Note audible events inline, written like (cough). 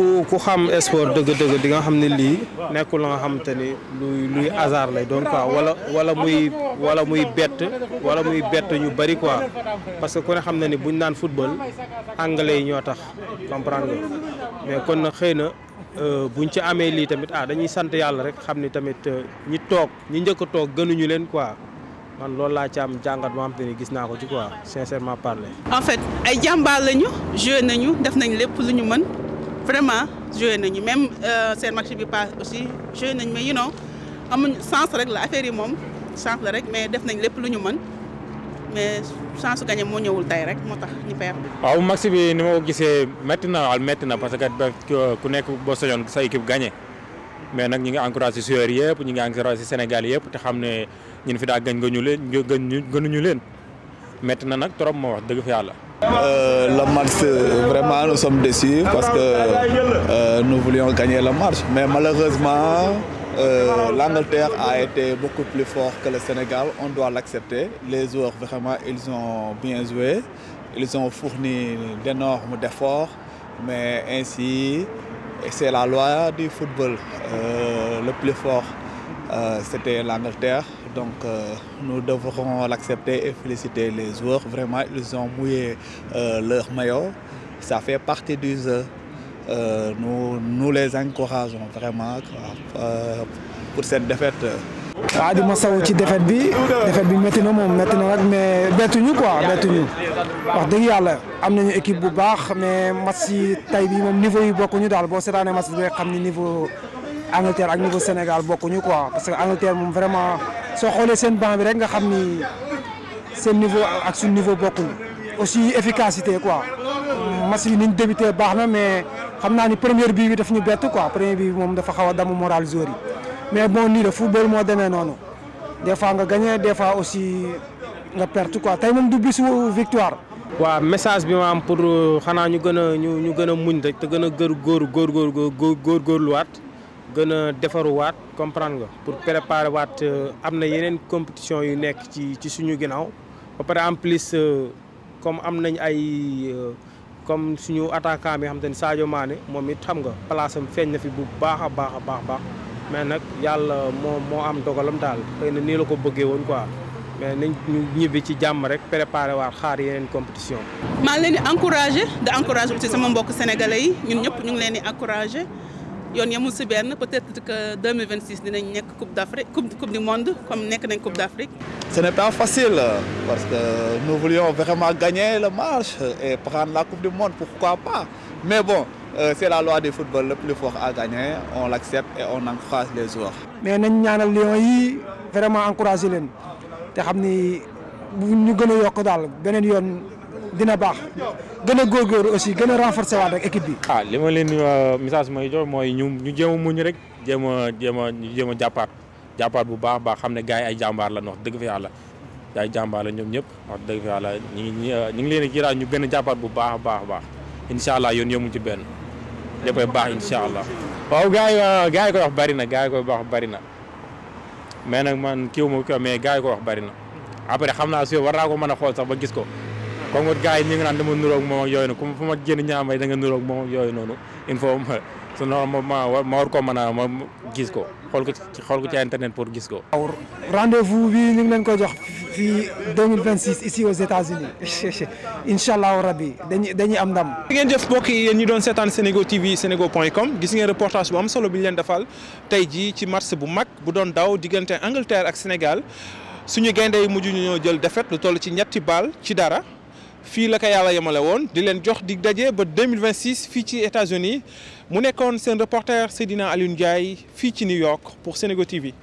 ku ku xam sport dëgg-dëgg di nga xam ne lii nekkul la nga xam te ni luy luy hasard lay doon quoi wala wala muy wala muy bett wala muy bett ñu bëri quoi parce que kone xam na ni buñ naan football anglais yi ñoo tax comprendre nga mais kon na xëy na euh, buñ ci amee lii tamit ah dañuy sant yàlla rek xam ni tamit euh, ñi toog ñi njëkk toog gënuñu leen quoi. man loolu laa ci am jàngat boo xam te ni gis naa ko ci quoi sincèrement parler. en fait ay jàmbaar lañu joué nañu def vraiment joué nañu même euh, seen match bi pass aussi joué nañu mais you know amuñ chance rek la affaire yi moom chance la rek mais def nañ lépp lu ñu man mais chance gagné moo ñëwul tey rek moo tax ñu perdre. waaw match bi ni ma gisee métti na waaw métti na parce que ku nekk boo sañoon sa équipe gagné mais nag ñu ngi encouragé joueurs yëpp ñu ngi encouragé Sénégal yëpp te xam ne ñun fi daa gën gënu leen gënuñu leen métti na nag trop ma wax dëgg fa yàlla. Euh, le la marche, vraiment, nous sommes déçus parce que euh, nous voulions gagner la marche. Mais malheureusement, euh, l'Angleterre a été beaucoup plus fort que le Sénégal. On doit l'accepter. Les joueurs, vraiment, ils ont bien joué. Ils ont fourni d'énormes efforts. Mais ainsi, c'est la loi du football, euh, le plus fort. Euh, C'était l'Angleterre, donc euh, nous devrons l'accepter et féliciter les joueurs. Vraiment, ils ont mouillé euh, leur maillot. Ça fait partie du jeu. Euh, nous, les encourageons vraiment euh, pour cette défaite. waaw ah, ma masawu ci défaite bi défaite bi métti na moom métti na mais bettuñu quoi bettuñu wax dëgg yàlla am nañu équipe bu baax mais match yi tey bi moom niveau yi bokkuñu daal boo seetaanee match bi nga xam ni niveau. Angleterre ak niveau Sénégal bokkuñu quoi parce que Angleterre moom vraiment soo xoolee seen banc bi rek nga xam ni seen niveau ak su niveau bokkuñu aussi efficacité quoi match bi niñ débuté baax na mais xam naa ni première bii bi daf ñu bett quoi première bii moom dafa xaw a damm moral joueur mais bon nii la football moo demee noonu des fois nga gagné des fois aussi nga perte quoi tey moom du bisu victoire. waaw message bi ma am pour euh, xanaa ñu gën a ñu ñu gën a muñ rek te gën a gër góor góor góor góor góorluwaat. gën a defaruwaat comprendre nga pour préparer waat euh, am na yeneen compétition yu nekk ci ci suñu ginnaaw ba pare en plus euh, comme am nañ ay euh, comme suñu attaquant bi xam te ne Sadio Mané moom it xam nga place feeñ na fi bu baax a baax a baax baax mais nag yàlla moo moo am dogalam daal xëy na nii la ko bëggee woon quoi mais nañ ñu ñibbi ci jàmm rek préparer waat xaar yeneen compétition. maa ngi leen di encouragé di encouragé aussi sama mbokk sénégalais yi ñun ñëpp ñu ngi leen di encouragé. yoon yemul si benn peut-être que 2026 nekk coupe d'Afrique coupe du monde comme nekk nañ coupe d'Afrique. ce n'est pas facile parce que nous voulions vraiment gagner le match et prendre la coupe du monde pourquoi pas mais bon euh, c'est la loi du football le plus fort à gagner on l'accepte et on encourage les joueurs. mais nañ ñaanal Lions yi vraiment encourager te xam ni bu a yokk daal beneen yoon. dina baax gën a gor aussi gën a renforcer waat rek équipe aa ah li ma leen euh, message bi may jox mooy ñu ñu jéem a muñ rek jéem a jéem a ñu jéem a jàppaat jàppaat bu baax baax xam ne gars yi ay jàmbaar la wax dëgg fa yàlla ay jàmbaar la ñoom ñëpp dëgg fa ñu ngi ñu ngi leen a jiiraat ñu gën a jàppaat bu baax a baax baax incha allah yoon yëmuñ ci benn léppay baax incha allah. waaw gars yi euh, gars yi koy wax bari na gars yi koy wax bari na mais nag man kiiw ma ko mais gars yi koy wax bari na après xam naa si war naa ko man a xool sax ba gis ko comme que gars yi ñu ngi naan dama nuroog moom ak yooyu noonu comme fu ma génn ñaambay da nga nuroog moom ak noonu ma war ko mën ma gis ko xool ko ci xool ko ci internet pour gis ko. waaw rendez-vous bi ñu ngi leen ko jox fii 2026 ici aux États-Unis (laughs) incha allahu rabi dañuy dañuy am ndam. di ngeen jëf mbokk yi ñu doon seetaan Senego TV senego.com gis ngeen reportage bu am solo bi ñu leen defal tey jii ci match bu mag bu doon daw diggante Angleterre ak Sénégal suñu gaynde yi mujj ñu ñoo jël defet lu toll ci ñetti baal ci dara. fii la ko yàlla yemale woon di leen jox di daje ba 2026 fii ci États-Unis mu nekkoon seen reporter Seydina Alioune Ndiaye fii ci New York pour Senego TV